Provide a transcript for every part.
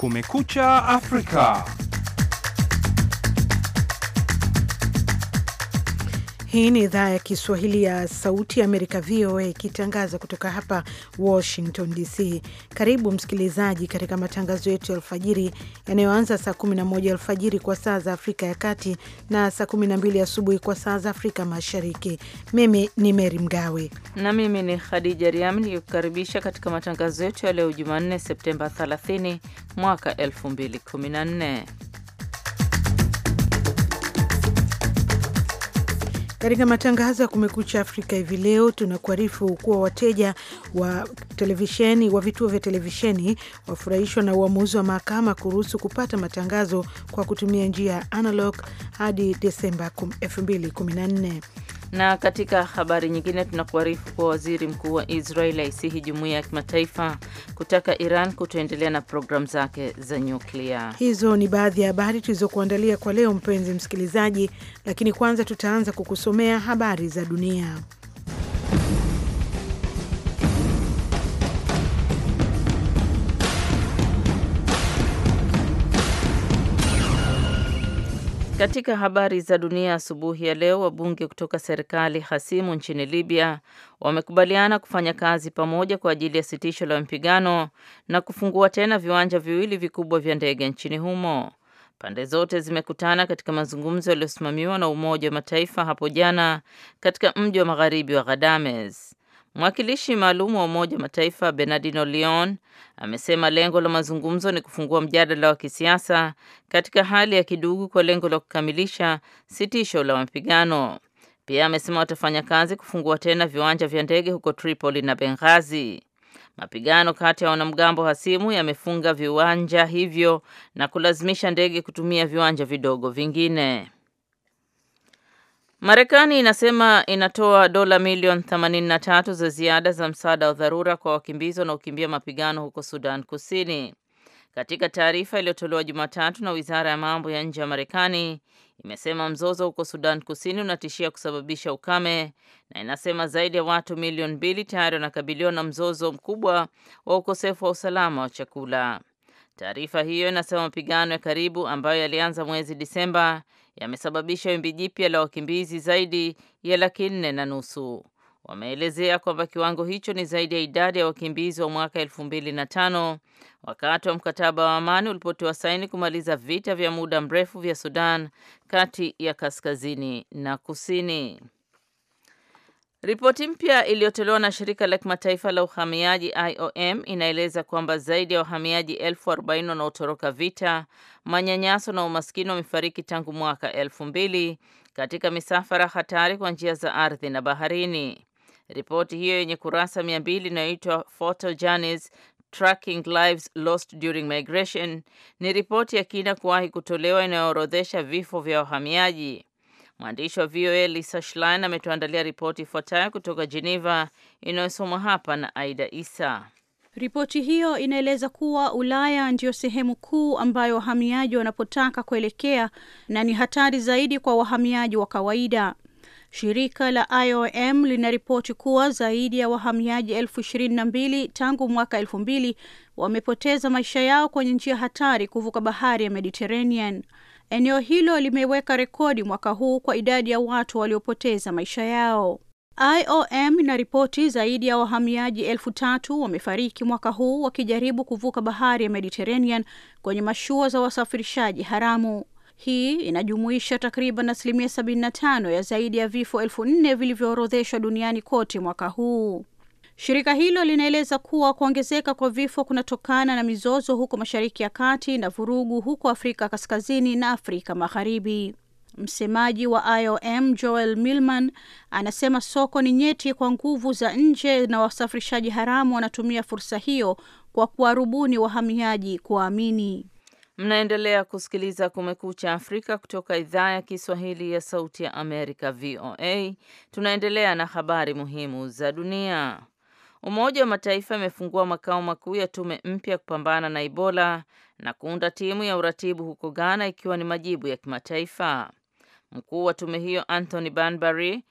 Kumekucha Afrika. Hii ni idhaa ya Kiswahili ya Sauti ya Amerika, VOA, ikitangaza kutoka hapa Washington DC. Karibu msikilizaji katika matangazo yetu ya alfajiri yanayoanza saa 11 alfajiri kwa saa za Afrika ya Kati na saa 12 asubuhi kwa saa za Afrika Mashariki. Mimi ni Meri Mgawe na mimi ni Khadija riam nikukaribisha katika matangazo yetu ya leo Jumanne, Septemba 30 mwaka 2014. Katika matangazo ya Kumekucha Afrika hivi leo tunakuarifu kuwa wateja wa televisheni wa vituo vya televisheni wafurahishwa na uamuzi wa mahakama kuruhusu kupata matangazo kwa kutumia njia ya analog hadi Desemba 2014. Na katika habari nyingine tunakuarifu kuwa waziri mkuu wa Israel aisihi jumuiya ya kimataifa kutaka Iran kutoendelea na programu zake za nyuklia. Hizo ni baadhi ya habari tulizokuandalia kwa leo, mpenzi msikilizaji, lakini kwanza tutaanza kukusomea habari za dunia. Katika habari za dunia asubuhi ya leo, wabunge kutoka serikali hasimu nchini Libya wamekubaliana kufanya kazi pamoja kwa ajili ya sitisho la mapigano na kufungua tena viwanja viwili vikubwa vya ndege nchini humo. Pande zote zimekutana katika mazungumzo yaliyosimamiwa na Umoja wa Mataifa hapo jana katika mji wa magharibi wa Ghadames. Mwakilishi maalum wa Umoja wa Mataifa Bernardino Leon amesema lengo la mazungumzo ni kufungua mjadala wa kisiasa katika hali ya kidugu kwa lengo la kukamilisha sitisho la mapigano. Pia amesema watafanya kazi kufungua tena viwanja vya ndege huko Tripoli na Benghazi. Mapigano kati ya wanamgambo hasimu yamefunga viwanja hivyo na kulazimisha ndege kutumia viwanja vidogo vingine. Marekani inasema inatoa dola milioni 83 za ziada za msaada wa dharura kwa wakimbizi wanaokimbia mapigano huko Sudan Kusini. Katika taarifa iliyotolewa Jumatatu na Wizara ya Mambo ya Nje ya Marekani, imesema mzozo huko Sudan Kusini unatishia kusababisha ukame na inasema zaidi ya watu milioni mbili tayari wanakabiliwa na mzozo mkubwa wa ukosefu wa usalama wa chakula. Taarifa hiyo inasema mapigano ya karibu ambayo yalianza mwezi Disemba yamesababisha wimbi jipya la wakimbizi zaidi ya laki nne na nusu. Wameelezea kwamba kiwango hicho ni zaidi ya idadi ya wakimbizi wa mwaka elfu mbili na tano wakati wa mkataba wa amani ulipotiwa saini kumaliza vita vya muda mrefu vya Sudan kati ya kaskazini na kusini. Ripoti mpya iliyotolewa na shirika la kimataifa la uhamiaji IOM inaeleza kwamba zaidi ya wahamiaji elfu arobaini wanaotoroka vita, manyanyaso na umaskini wamefariki tangu mwaka elfu mbili katika misafara hatari kwa njia za ardhi na baharini. Ripoti hiyo yenye kurasa mia mbili inayoitwa Photo Journeys Tracking Lives Lost During Migration ni ripoti ya kina kuwahi kutolewa inayoorodhesha vifo vya wahamiaji. Mwandishi wa VOA Lisa Schlein ametuandalia ripoti ifuatayo kutoka Geneva inayosomwa hapa na Aida Isa. Ripoti hiyo inaeleza kuwa Ulaya ndiyo sehemu kuu ambayo wahamiaji wanapotaka kuelekea na ni hatari zaidi kwa wahamiaji wa kawaida. Shirika la IOM linaripoti kuwa zaidi ya wahamiaji elfu ishirini na mbili tangu mwaka elfu mbili wamepoteza maisha yao kwenye njia hatari kuvuka bahari ya Mediterranean. Eneo hilo limeweka rekodi mwaka huu kwa idadi ya watu waliopoteza maisha yao. IOM inaripoti zaidi ya wahamiaji elfu tatu wamefariki mwaka huu wakijaribu kuvuka bahari ya Mediterranean kwenye mashua za wasafirishaji haramu. Hii inajumuisha takriban asilimia 75 ya zaidi ya vifo elfu nne vilivyoorodheshwa duniani kote mwaka huu. Shirika hilo linaeleza kuwa kuongezeka kwa vifo kunatokana na mizozo huko Mashariki ya Kati na vurugu huko Afrika Kaskazini na Afrika Magharibi. Msemaji wa IOM Joel milman anasema soko ni nyeti kwa nguvu za nje na wasafirishaji haramu wanatumia fursa hiyo kwa kuwarubuni wahamiaji kuamini. Mnaendelea kusikiliza Kumekucha Afrika kutoka idhaa ya Kiswahili ya Sauti ya Amerika, VOA. Tunaendelea na habari muhimu za dunia. Umoja wa Mataifa imefungua makao makuu ya tume mpya ya kupambana na Ebola na kuunda timu ya uratibu huko Ghana ikiwa ni majibu ya kimataifa. Mkuu wa tume hiyo Anthony Banbury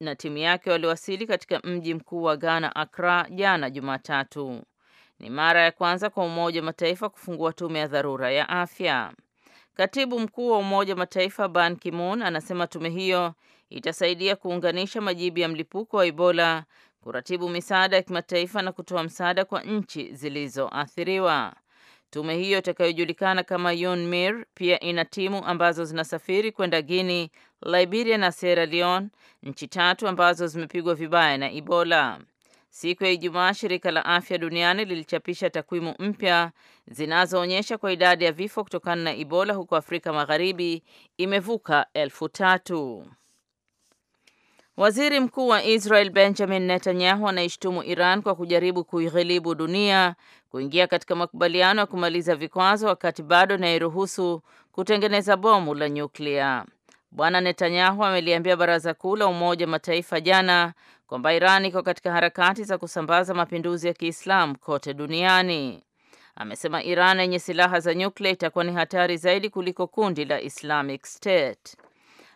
na timu yake waliwasili katika mji mkuu wa Ghana Accra jana Jumatatu. Ni mara ya kwanza kwa Umoja wa Mataifa kufungua tume ya dharura ya afya. Katibu mkuu wa Umoja wa Mataifa Ban Ki-moon anasema tume hiyo itasaidia kuunganisha majibu ya mlipuko wa Ebola kuratibu misaada ya kimataifa na kutoa msaada kwa nchi zilizoathiriwa. Tume hiyo itakayojulikana kama UNMIR pia ina timu ambazo zinasafiri kwenda Guinea, Liberia na Sierra Leone, nchi tatu ambazo zimepigwa vibaya na Ebola. Siku ya Ijumaa, shirika la afya duniani lilichapisha takwimu mpya zinazoonyesha kwa idadi ya vifo kutokana na Ebola huko Afrika Magharibi imevuka elfu tatu. Waziri Mkuu wa Israel Benjamin Netanyahu anaishtumu Iran kwa kujaribu kuighilibu dunia kuingia katika makubaliano ya kumaliza vikwazo wakati bado inairuhusu kutengeneza bomu la nyuklia. Bwana Netanyahu ameliambia Baraza Kuu la Umoja Mataifa jana kwamba Iran iko katika harakati za kusambaza mapinduzi ya Kiislamu kote duniani. Amesema Iran yenye silaha za nyuklia itakuwa ni hatari zaidi kuliko kundi la Islamic State.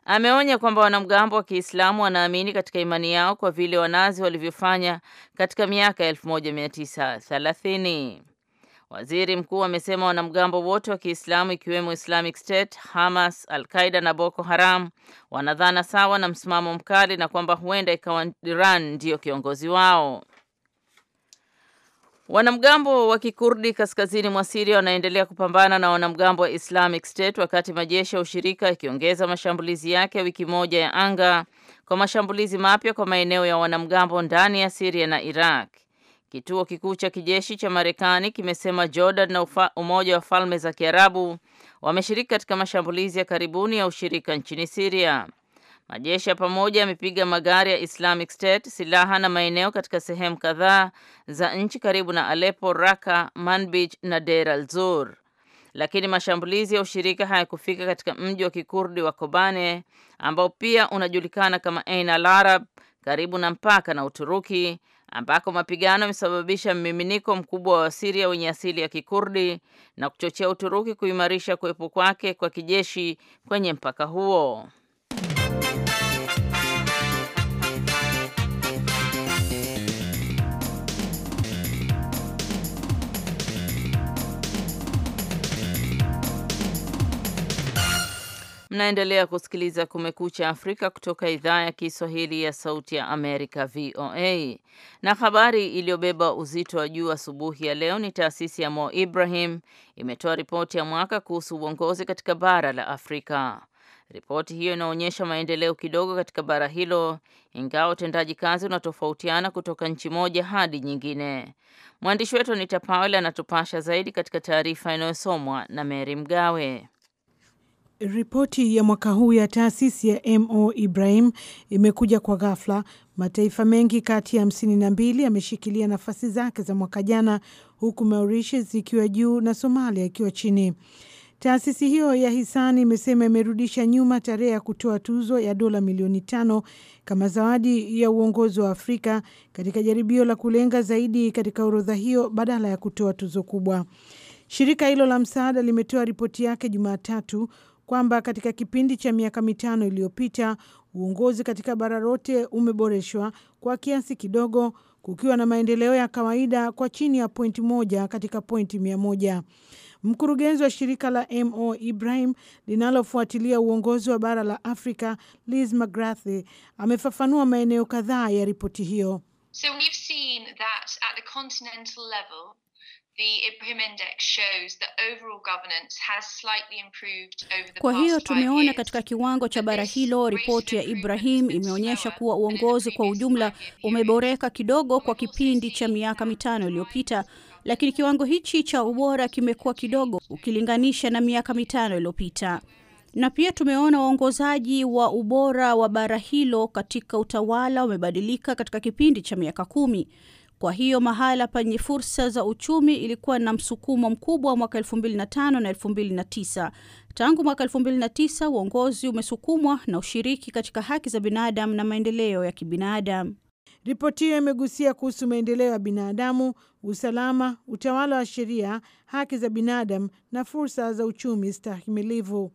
Ameonya kwamba wanamgambo wa Kiislamu wanaamini katika imani yao kwa vile wanazi walivyofanya katika miaka 1930. Waziri mkuu amesema wanamgambo wote wa Kiislamu ikiwemo Islamic State, Hamas, Al-Qaeda na Boko Haram wanadhana sawa na msimamo mkali na kwamba huenda ikawa Iran ndiyo kiongozi wao. Wanamgambo wa Kikurdi kaskazini mwa Siria wanaendelea kupambana na wanamgambo wa Islamic State wakati majeshi ya ushirika yakiongeza mashambulizi yake ya wiki moja ya anga kwa mashambulizi mapya kwa maeneo ya wanamgambo ndani ya Siria na Iraq. Kituo kikuu cha kijeshi cha Marekani kimesema Jordan na ufa, Umoja wa Falme za Kiarabu wameshiriki katika mashambulizi ya karibuni ya ushirika nchini Siria. Majeshi ya pamoja yamepiga magari ya Islamic State, silaha na maeneo katika sehemu kadhaa za nchi karibu na Aleppo, Raqqa, Manbij na Deir al-Zur. Lakini mashambulizi ya ushirika hayakufika katika mji wa Kikurdi wa Kobane ambao pia unajulikana kama Ain al-Arab karibu na mpaka na Uturuki ambako mapigano yamesababisha mmiminiko mkubwa wa Wasiria wenye asili ya Kikurdi na kuchochea Uturuki kuimarisha kuwepo kwake kwa kijeshi kwenye mpaka huo. Mnaendelea kusikiliza Kumekucha Afrika kutoka idhaa ya Kiswahili ya Sauti ya Amerika, VOA. Na habari iliyobeba uzito wa juu asubuhi ya leo ni taasisi ya Mo Ibrahim imetoa ripoti ya mwaka kuhusu uongozi katika bara la Afrika. Ripoti hiyo inaonyesha maendeleo kidogo katika bara hilo, ingawa utendaji kazi unatofautiana kutoka nchi moja hadi nyingine. Mwandishi wetu Anita Powell anatupasha zaidi katika taarifa inayosomwa na Mary Mgawe. Ripoti ya mwaka huu ya taasisi ya Mo Ibrahim imekuja kwa ghafla. Mataifa mengi kati ya hamsini na mbili yameshikilia nafasi zake za mwaka jana, huku Mauritius ikiwa juu na Somalia ikiwa chini. Taasisi hiyo ya hisani imesema imerudisha nyuma tarehe ya kutoa tuzo ya dola milioni tano kama zawadi ya uongozi wa Afrika katika jaribio la kulenga zaidi katika orodha hiyo badala ya kutoa tuzo kubwa. Shirika hilo la msaada limetoa ripoti yake Jumatatu kwamba katika kipindi cha miaka mitano iliyopita uongozi katika bara lote umeboreshwa kwa kiasi kidogo, kukiwa na maendeleo ya kawaida kwa chini ya pointi moja katika pointi mia moja. Mkurugenzi wa shirika la Mo Ibrahim linalofuatilia uongozi wa bara la Afrika, Liz McGrath, amefafanua maeneo kadhaa ya ripoti hiyo. So we've seen that at the continental level kwa hiyo tumeona katika kiwango cha bara hilo, ripoti ya Ibrahim imeonyesha kuwa uongozi kwa ujumla umeboreka kidogo kwa kipindi cha miaka mitano iliyopita, lakini kiwango hichi cha ubora kimekuwa kidogo ukilinganisha na miaka mitano iliyopita. Na pia tumeona waongozaji wa ubora wa bara hilo katika utawala wamebadilika katika kipindi cha miaka kumi. Kwa hiyo mahala penye fursa za uchumi ilikuwa na msukumo mkubwa mwaka 25 na 29 Tangu mwaka 29 uongozi umesukumwa na ushiriki katika haki za binadamu na maendeleo ya kibinadamu. Ripoti hiyo imegusia kuhusu maendeleo ya binadamu, usalama, utawala wa sheria, haki za binadamu na fursa za uchumi stahimilivu.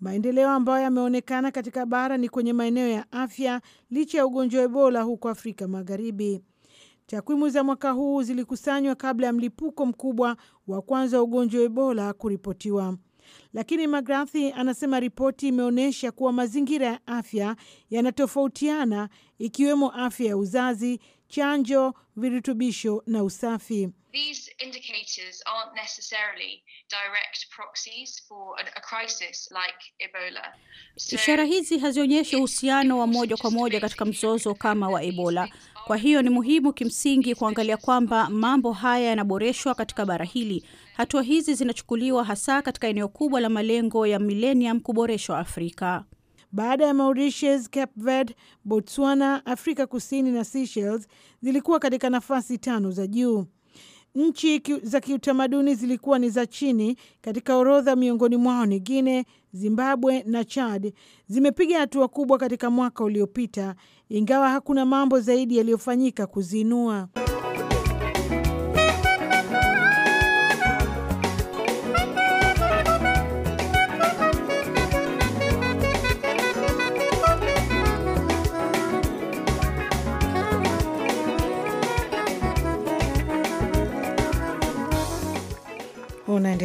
Maendeleo ambayo yameonekana katika bara ni kwenye maeneo ya afya, licha ya ugonjwa wa Ebola huko Afrika Magharibi. Takwimu za mwaka huu zilikusanywa kabla ya mlipuko mkubwa wa kwanza wa ugonjwa wa Ebola kuripotiwa. Lakini magrathi anasema ripoti imeonyesha kuwa mazingira ya afya yanatofautiana, ikiwemo afya ya uzazi, chanjo, virutubisho na usafi. These indicators aren't necessarily direct proxies for a crisis like Ebola. So, ishara hizi hazionyeshi uhusiano wa moja kwa moja katika mzozo kama wa Ebola. Kwa hiyo ni muhimu kimsingi kuangalia kwamba mambo haya yanaboreshwa katika bara hili Hatua hizi zinachukuliwa hasa katika eneo kubwa la malengo ya milenium kuboreshwa Afrika. Baada ya Mauritius, Cape Verde, Botswana, Afrika Kusini na Seychelles zilikuwa katika nafasi tano za juu. Nchi za kiutamaduni zilikuwa ni za chini katika orodha, miongoni mwao ni Guine, Zimbabwe na Chad. Zimepiga hatua kubwa katika mwaka uliopita, ingawa hakuna mambo zaidi yaliyofanyika kuziinua.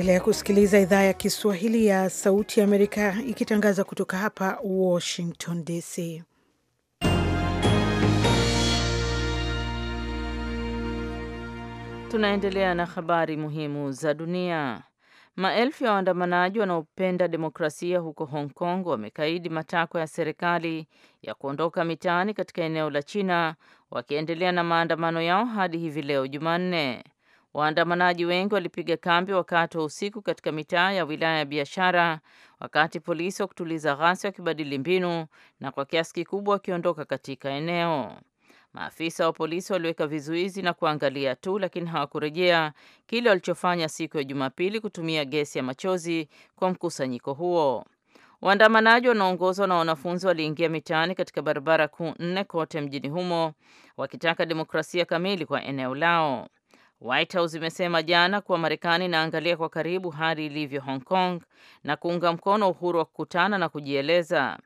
Unaendelea kusikiliza idhaa ya Kiswahili ya Sauti ya Amerika ikitangaza kutoka hapa Washington DC. Tunaendelea na habari muhimu za dunia. Maelfu ya waandamanaji wanaopenda demokrasia huko Hong Kong wamekaidi matakwa ya serikali ya kuondoka mitaani katika eneo la China, wakiendelea na maandamano yao hadi hivi leo Jumanne. Waandamanaji wengi walipiga kambi wakati wa usiku katika mitaa ya wilaya ya biashara, wakati polisi wa kutuliza ghasia wakibadili mbinu na kwa kiasi kikubwa wakiondoka katika eneo. Maafisa wa polisi waliweka vizuizi na kuangalia tu, lakini hawakurejea kile walichofanya siku ya Jumapili, kutumia gesi ya machozi kwa mkusanyiko huo. Waandamanaji wanaongozwa na wanafunzi waliingia mitaani katika barabara kuu nne kote mjini humo wakitaka demokrasia kamili kwa eneo lao. White House imesema jana kuwa Marekani inaangalia kwa karibu hali ilivyo Hong Kong na kuunga mkono uhuru wa kukutana na kujieleza.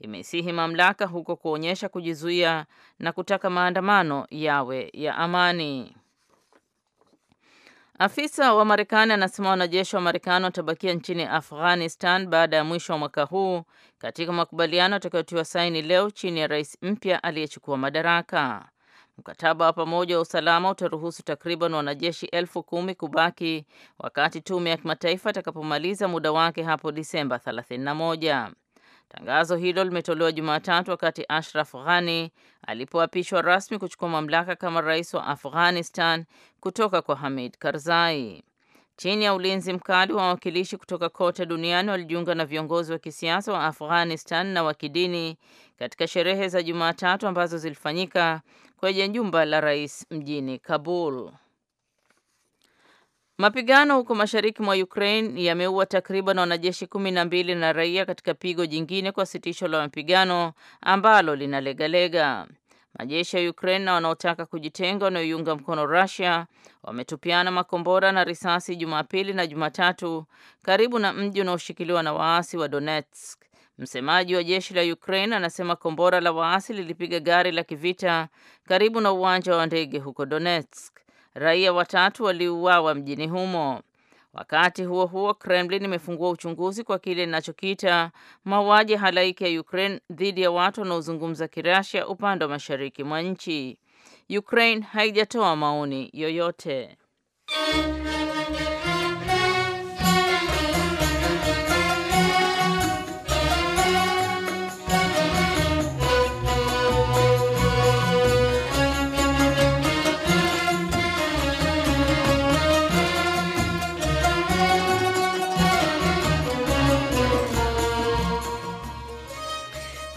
Imesihi mamlaka huko kuonyesha kujizuia na kutaka maandamano yawe ya amani. Afisa wa Marekani anasema wanajeshi wa Marekani watabakia nchini Afghanistan baada ya mwisho wa mwaka huu katika makubaliano yatakayotiwa saini leo chini ya rais mpya aliyechukua madaraka. Mkataba wa pamoja wa usalama utaruhusu takriban wanajeshi elfu kumi kubaki wakati tume ya kimataifa itakapomaliza muda wake hapo Disemba 31. Tangazo hilo limetolewa Jumatatu wakati Ashraf Ghani alipoapishwa rasmi kuchukua mamlaka kama rais wa Afghanistan kutoka kwa Hamid Karzai. Chini ya ulinzi mkali wa wawakilishi kutoka kote duniani walijiunga na viongozi wa kisiasa wa Afghanistan na wa kidini katika sherehe za Jumatatu ambazo zilifanyika kwenye jumba la rais mjini Kabul. Mapigano huko mashariki mwa Ukraine yameua takriban wanajeshi kumi na mbili na raia katika pigo jingine kwa sitisho la mapigano ambalo linalegalega. Majeshi ya Ukraine na wanaotaka kujitenga wanaoiunga mkono Russia wametupiana makombora na risasi Jumapili na Jumatatu karibu na mji unaoshikiliwa na waasi wa Donetsk. Msemaji wa jeshi la Ukraine anasema kombora la waasi lilipiga gari la kivita karibu na uwanja wa ndege huko Donetsk. Raia watatu waliuawa mjini humo. Wakati huo huo, Kremlin imefungua uchunguzi kwa kile inachokiita mauaji ya halaiki ya Ukraine dhidi ya watu wanaozungumza Kirasia upande wa mashariki mwa nchi. Ukraine haijatoa maoni yoyote.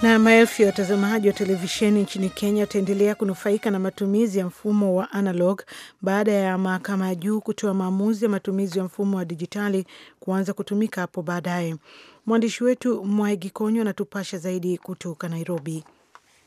Na maelfu ya watazamaji wa televisheni nchini Kenya wataendelea kunufaika na matumizi ya mfumo wa analog baada ya mahakama ya juu kutoa maamuzi ya matumizi ya mfumo wa dijitali kuanza kutumika hapo baadaye. Mwandishi wetu Mwaigi Konyo anatupasha zaidi kutoka Nairobi.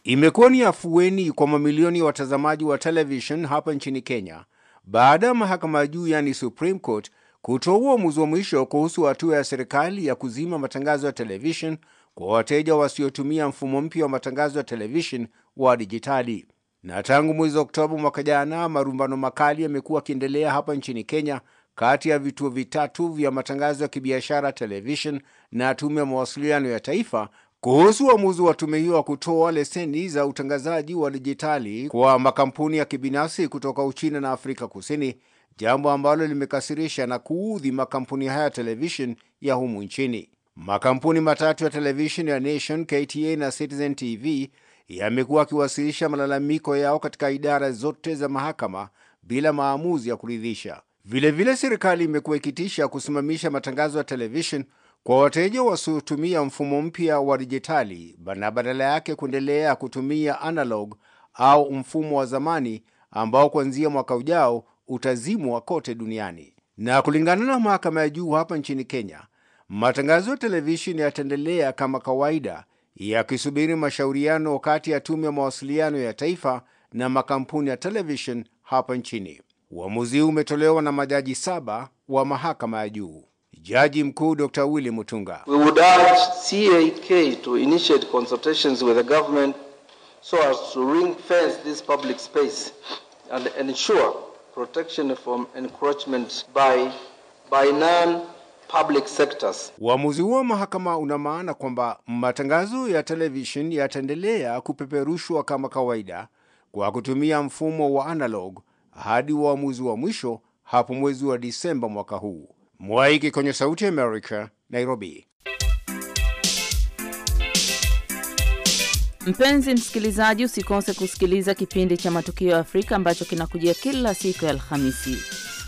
Imekuwa ni afueni kwa mamilioni ya watazamaji wa television hapa nchini Kenya baada ya mahakama ya juu yani Supreme Court kutoa uamuzi wa mwisho kuhusu hatua ya serikali ya kuzima matangazo ya televishen kwa wateja wasiotumia mfumo mpya wa matangazo ya televishen wa dijitali. Na tangu mwezi Oktoba mwaka jana, marumbano makali yamekuwa akiendelea hapa nchini Kenya kati ya vituo vitatu vya matangazo ya kibiashara televishen na tume ya mawasiliano ya taifa kuhusu uamuzi wa tume hiyo wa kutoa leseni za utangazaji wa dijitali kwa makampuni ya kibinafsi kutoka Uchina na Afrika Kusini, jambo ambalo limekasirisha na kuudhi makampuni haya televishen ya humu nchini. Makampuni matatu ya televisheni ya Nation, KTA na Citizen TV yamekuwa akiwasilisha malalamiko yao katika idara zote za mahakama bila maamuzi ya kuridhisha. Vilevile, serikali imekuwa ikitisha kusimamisha matangazo ya televisheni kwa wateja wasiotumia mfumo mpya wa dijitali na badala yake kuendelea kutumia analog au mfumo wa zamani ambao kuanzia mwaka ujao utazimwa kote duniani. Na kulingana na mahakama ya juu hapa nchini Kenya, Matangazo ya televisheni yataendelea kama kawaida yakisubiri mashauriano kati ya tume ya mawasiliano ya taifa na makampuni ya televishen hapa nchini. Uamuzi huu umetolewa na majaji saba wa mahakama ya juu. Jaji Mkuu Dr. Willy Mutunga. We would urge CAK to initiate consultations with the government so as to ring fence this public space and ensure protection from encroachment by by public sectors. Uamuzi huo wa mahakama una maana kwamba matangazo ya television yataendelea kupeperushwa kama kawaida kwa kutumia mfumo wa analog hadi uamuzi wa mwisho hapo mwezi wa Disemba mwaka huu. Mwaiki kwenye Sauti ya America, Nairobi. Mpenzi msikilizaji, usikose kusikiliza kipindi cha Matukio ya Afrika ambacho kinakujia kila siku ya Alhamisi.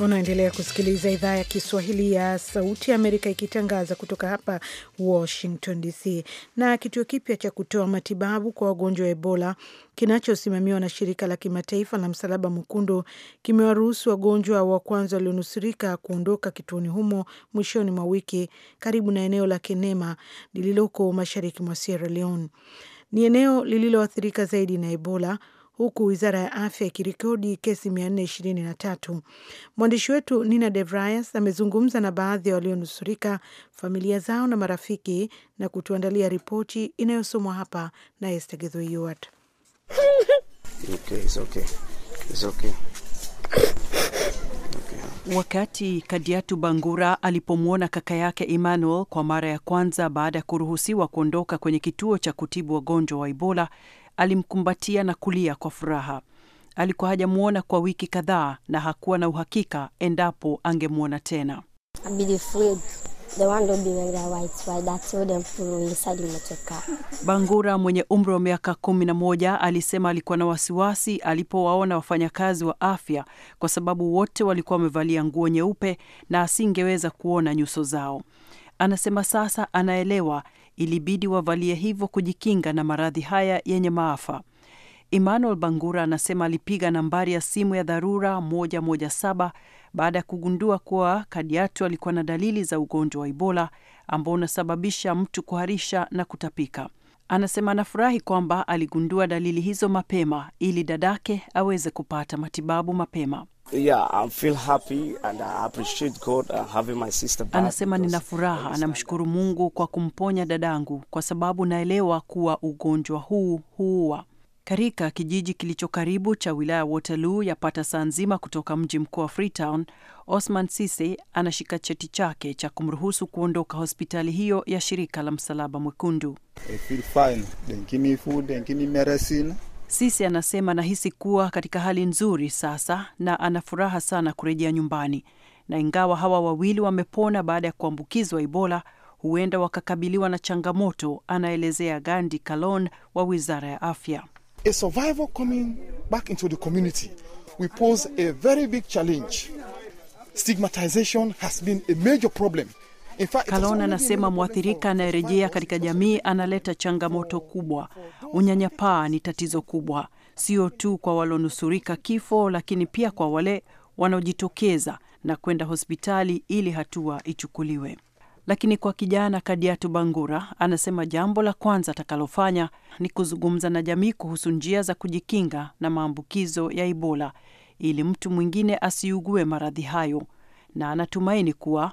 Unaendelea kusikiliza idhaa ya Kiswahili ya Sauti ya Amerika ikitangaza kutoka hapa Washington DC. Na kituo kipya cha kutoa matibabu kwa wagonjwa wa Ebola kinachosimamiwa na shirika la kimataifa la Msalaba Mwekundu kimewaruhusu wagonjwa wa kwanza walionusurika kuondoka kituoni humo mwishoni mwa wiki, karibu na eneo la Kenema lililoko mashariki mwa Sierra Leone. Ni eneo lililoathirika zaidi na Ebola huku wizara ya afya ikirekodi kesi 423. Mwandishi wetu Nina De amezungumza na baadhi ya walionusurika, familia zao na marafiki, na kutuandalia ripoti inayosomwa hapa na Esther Okay, okay. okay. Wakati Kadiatu Bangura alipomwona kaka yake Emmanuel kwa mara ya kwanza baada ya kuruhusiwa kuondoka kwenye kituo cha kutibu wagonjwa wa Ebola, alimkumbatia na kulia kwa furaha. Alikuwa hajamwona kwa wiki kadhaa na hakuwa na uhakika endapo angemwona tena. Bangura mwenye umri wa miaka kumi na moja alisema alikuwa na wasiwasi alipowaona wafanyakazi wa afya kwa sababu wote walikuwa wamevalia nguo nyeupe na asingeweza kuona nyuso zao. Anasema sasa anaelewa ilibidi wavalie hivyo kujikinga na maradhi haya yenye maafa. Emmanuel Bangura anasema alipiga nambari ya simu ya dharura 117 baada ya kugundua kuwa Kadiatu alikuwa na dalili za ugonjwa wa Ebola ambao unasababisha mtu kuharisha na kutapika. Anasema anafurahi kwamba aligundua dalili hizo mapema ili dadake aweze kupata matibabu mapema. Uh, Anasema nina furaha, namshukuru Mungu kwa kumponya dadangu kwa sababu naelewa kuwa ugonjwa huu huua. Katika kijiji kilicho karibu cha wilaya Waterloo yapata saa nzima kutoka mji mkuu wa Freetown, Osman Sise anashika cheti chake cha kumruhusu kuondoka hospitali hiyo ya shirika la Msalaba Mwekundu. Sisi anasema anahisi kuwa katika hali nzuri sasa na ana furaha sana kurejea nyumbani, na ingawa hawa wawili wamepona baada ya kuambukizwa Ebola, huenda wakakabiliwa na changamoto, anaelezea Gandi Kalon wa wizara ya afya. A survivor coming back into the community we pose a very big challenge. Stigmatization has been a major problem Kalon anasema mwathirika anayerejea katika jamii analeta changamoto kubwa. Unyanyapaa ni tatizo kubwa, sio tu kwa walionusurika kifo, lakini pia kwa wale wanaojitokeza na kwenda hospitali ili hatua ichukuliwe. Lakini kwa kijana Kadiatu Bangura anasema jambo la kwanza atakalofanya ni kuzungumza na jamii kuhusu njia za kujikinga na maambukizo ya Ebola ili mtu mwingine asiugue maradhi hayo, na anatumaini kuwa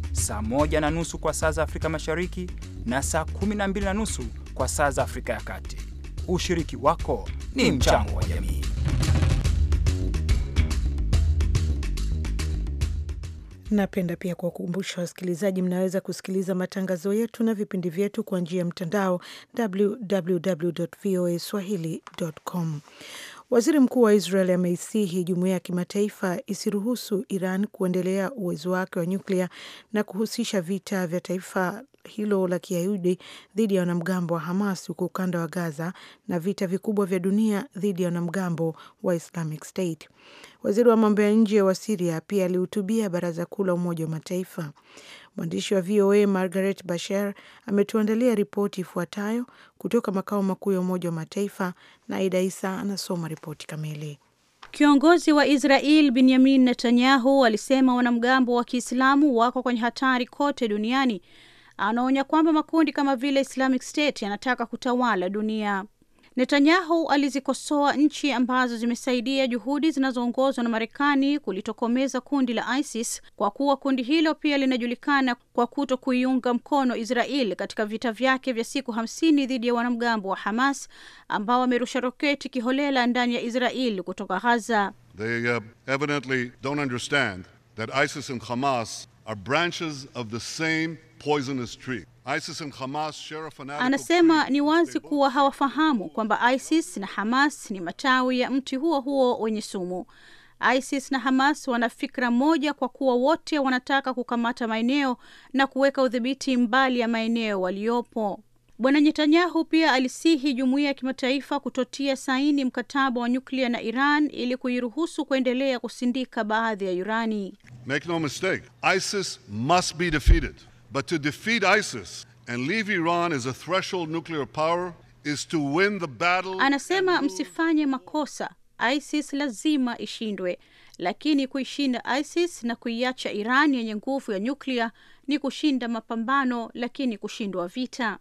saa moja na nusu kwa saa za Afrika Mashariki na saa kumi na mbili na nusu kwa saa za Afrika ya Kati. Ushiriki wako ni mchango wa jamii. Napenda pia kuwakumbusha wasikilizaji, mnaweza kusikiliza matangazo yetu na vipindi vyetu kwa njia ya mtandao www voa swahili.com. Waziri mkuu wa Israel ameisihi jumuiya ya kimataifa isiruhusu Iran kuendelea uwezo wake wa nyuklia na kuhusisha vita vya taifa hilo la kiyahudi dhidi ya wanamgambo wa Hamas huko ukanda wa Gaza na vita vikubwa vya dunia dhidi ya wanamgambo wa Islamic State. Waziri wa mambo ya nje wa Siria pia alihutubia Baraza Kuu la Umoja wa Mataifa. Mwandishi wa VOA Margaret Bashir ametuandalia ripoti ifuatayo kutoka makao makuu ya Umoja wa Mataifa na Aida Isa anasoma ripoti kamili. Kiongozi wa Israel Benyamin Netanyahu alisema wanamgambo wa Kiislamu wako kwenye hatari kote duniani. Anaonya kwamba makundi kama vile Islamic State yanataka kutawala dunia. Netanyahu alizikosoa nchi ambazo zimesaidia juhudi zinazoongozwa na Marekani kulitokomeza kundi la ISIS kwa kuwa kundi hilo pia linajulikana kwa kuto kuiunga mkono Israel katika vita vyake vya siku hamsini dhidi ya wanamgambo wa Hamas ambao wamerusha roketi kiholela ndani ya Israel kutoka Gaza. They, uh, evidently don't understand that ISIS and Hamas are branches of the same poisonous tree. Anasema ni wazi kuwa hawafahamu kwamba ISIS na Hamas ni matawi ya mti huo huo wenye sumu. ISIS na Hamas wana fikra moja kwa kuwa wote wanataka kukamata maeneo na kuweka udhibiti mbali ya maeneo waliopo. Bwana Netanyahu pia alisihi jumuiya ya kimataifa kutotia saini mkataba wa nyuklia na Iran ili kuiruhusu kuendelea kusindika baadhi ya urani. Make no mistake, ISIS must be defeated. But to defeat ISIS and leave Iran as a threshold nuclear power is to win the battle. Anasema msifanye makosa. ISIS lazima ishindwe, lakini kuishinda ISIS na kuiacha Iran yenye nguvu ya nyuklia ni kushinda mapambano, lakini kushindwa vita.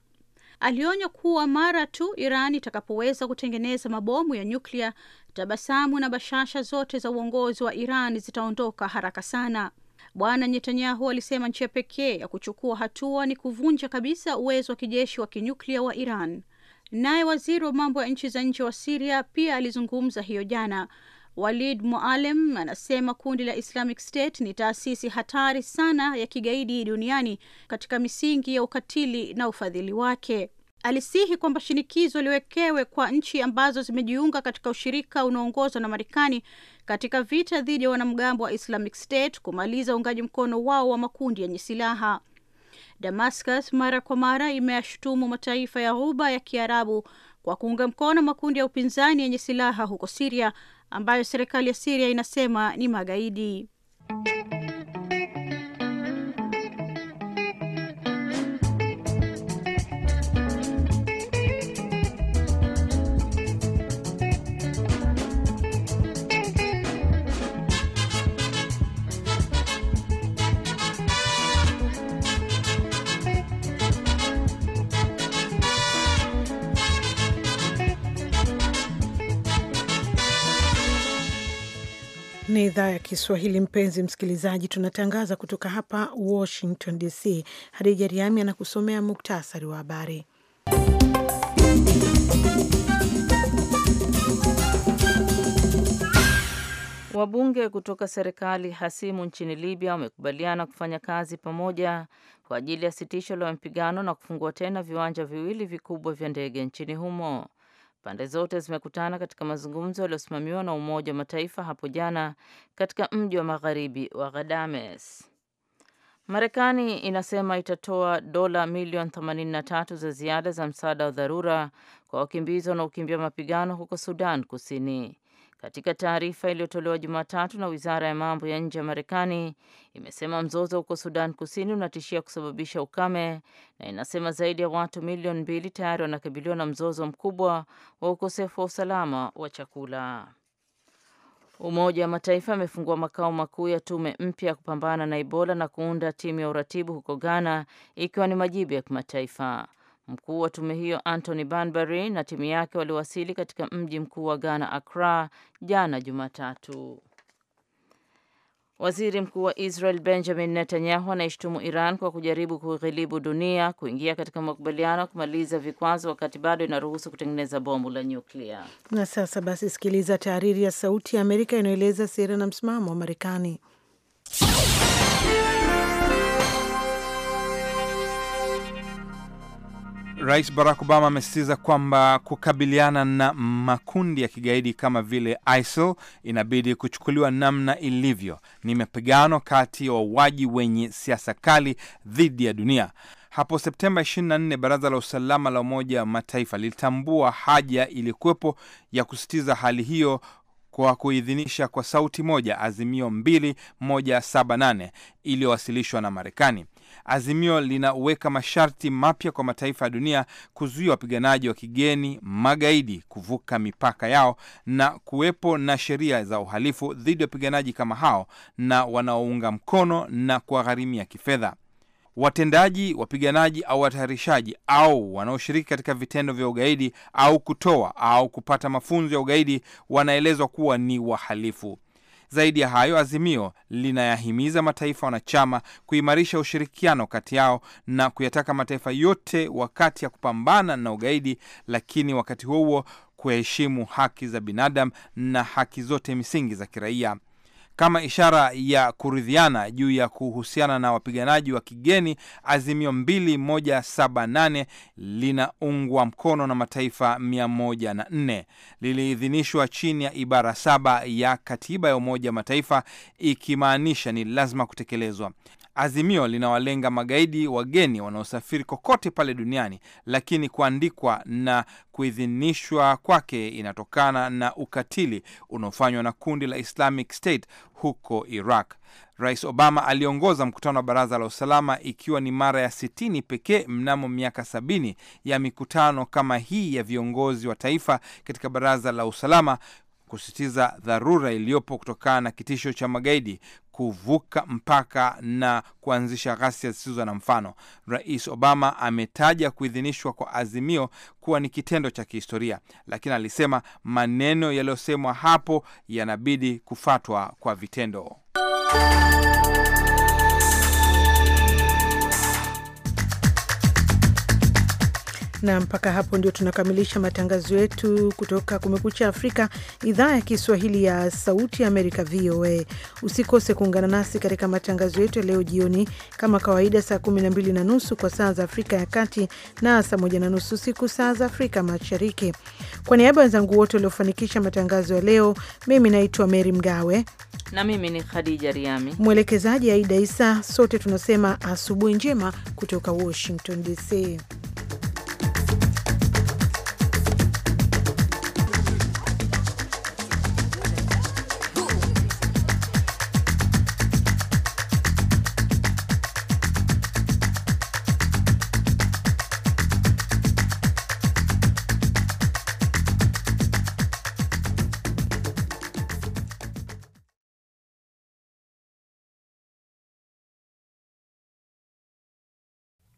Alionya kuwa mara tu Iran itakapoweza kutengeneza mabomu ya nyuklia, tabasamu na bashasha zote za uongozi wa Iran zitaondoka haraka sana. Bwana Netanyahu alisema njia pekee ya kuchukua hatua ni kuvunja kabisa uwezo wa kijeshi wa kinyuklia wa Iran. Naye waziri wa mambo ya nchi za nje wa Siria pia alizungumza hiyo jana. Walid Mualem anasema kundi la Islamic State ni taasisi hatari sana ya kigaidi duniani katika misingi ya ukatili na ufadhili wake alisihi kwamba shinikizo liwekewe kwa nchi ambazo zimejiunga katika ushirika unaoongozwa na Marekani katika vita dhidi ya wanamgambo wa Islamic State kumaliza uungaji mkono wao wa makundi yenye silaha. Damascus mara kwa mara imeyashutumu mataifa ya Ghuba ya Kiarabu kwa kuunga mkono makundi ya upinzani yenye silaha huko Siria ambayo serikali ya Siria inasema ni magaidi. ni idhaa ya Kiswahili. Mpenzi msikilizaji, tunatangaza kutoka hapa Washington DC. Hadija Riami anakusomea muktasari wa habari. Wabunge kutoka serikali hasimu nchini Libya wamekubaliana kufanya kazi pamoja kwa ajili ya sitisho la mapigano na kufungua tena viwanja viwili vikubwa vya ndege nchini humo. Pande zote zimekutana katika mazungumzo yaliyosimamiwa na Umoja wa Mataifa hapo jana katika mji wa magharibi wa Ghadames. Marekani inasema itatoa dola milioni 83 za ziada za msaada wa dharura kwa wakimbizi wanaokimbia mapigano huko Sudan Kusini. Katika taarifa iliyotolewa Jumatatu na wizara ya mambo ya nje ya Marekani, imesema mzozo huko Sudan Kusini unatishia kusababisha ukame na inasema zaidi ya watu milioni mbili tayari wanakabiliwa na mzozo mkubwa wa ukosefu wa usalama wa chakula. Umoja wa Mataifa amefungua makao makuu ya tume mpya ya kupambana na Ebola na kuunda timu ya uratibu huko Ghana ikiwa ni majibu ya kimataifa. Mkuu wa tume hiyo Anthony Banbury na timu yake waliwasili katika mji mkuu wa Ghana, Accra, jana Jumatatu. Waziri Mkuu wa Israel Benjamin Netanyahu anaishtumu Iran kwa kujaribu kughilibu dunia kuingia katika makubaliano ya kumaliza vikwazo wakati bado inaruhusu kutengeneza bomu la nyuklia. Na sasa basi, sikiliza tahariri ya Sauti ya Amerika inayoeleza sera na msimamo wa Marekani. Rais Barack Obama amesisitiza kwamba kukabiliana na makundi ya kigaidi kama vile ISIL inabidi kuchukuliwa namna ilivyo, ni mapigano kati ya wauaji wenye siasa kali dhidi ya dunia. Hapo Septemba 24 baraza la usalama la Umoja wa Mataifa lilitambua haja iliyokuwepo ya kusitiza hali hiyo kwa kuidhinisha kwa sauti moja azimio 2178 iliyowasilishwa na Marekani. Azimio linaweka masharti mapya kwa mataifa ya dunia kuzuia wapiganaji wa kigeni magaidi kuvuka mipaka yao na kuwepo na sheria za uhalifu dhidi ya wapiganaji kama hao na wanaounga mkono na kuwagharimia kifedha watendaji, wapiganaji au watayarishaji au wanaoshiriki katika vitendo vya ugaidi au kutoa au kupata mafunzo ya ugaidi wanaelezwa kuwa ni wahalifu. Zaidi ya hayo, azimio linayahimiza mataifa wanachama kuimarisha ushirikiano kati yao na kuyataka mataifa yote wakati ya kupambana na ugaidi, lakini wakati huo huo kuheshimu haki za binadamu na haki zote msingi za kiraia kama ishara ya kuridhiana juu ya kuhusiana na wapiganaji wa kigeni. Azimio 2178 linaungwa mkono na mataifa 104, liliidhinishwa chini ya ibara saba ya katiba ya Umoja wa Mataifa, ikimaanisha ni lazima kutekelezwa. Azimio linawalenga magaidi wageni wanaosafiri kokote pale duniani, lakini kuandikwa na kuidhinishwa kwake inatokana na ukatili unaofanywa na kundi la Islamic State huko Iraq. Rais Obama aliongoza mkutano wa Baraza la Usalama ikiwa ni mara ya sitini pekee mnamo miaka sabini ya mikutano kama hii ya viongozi wa taifa katika Baraza la Usalama kusisitiza dharura iliyopo kutokana na kitisho cha magaidi kuvuka mpaka na kuanzisha ghasia zisizo na mfano. Rais Obama ametaja kuidhinishwa kwa azimio kuwa ni kitendo cha kihistoria, lakini alisema maneno yaliyosemwa hapo yanabidi kufatwa kwa vitendo. na mpaka hapo ndio tunakamilisha matangazo yetu kutoka Kumekucha Afrika, idhaa ya Kiswahili ya Sauti Amerika, VOA. Usikose kuungana nasi katika matangazo yetu ya leo jioni, kama kawaida, saa 12 na nusu kwa saa za Afrika ya Kati na saa 1 na nusu siku saa za Afrika Mashariki. Kwa niaba ya wenzangu wote waliofanikisha matangazo ya leo, mimi naitwa Meri Mgawe na mimi ni Khadija Riami, mwelekezaji Aida Isa. Sote tunasema asubuhi njema kutoka Washington DC.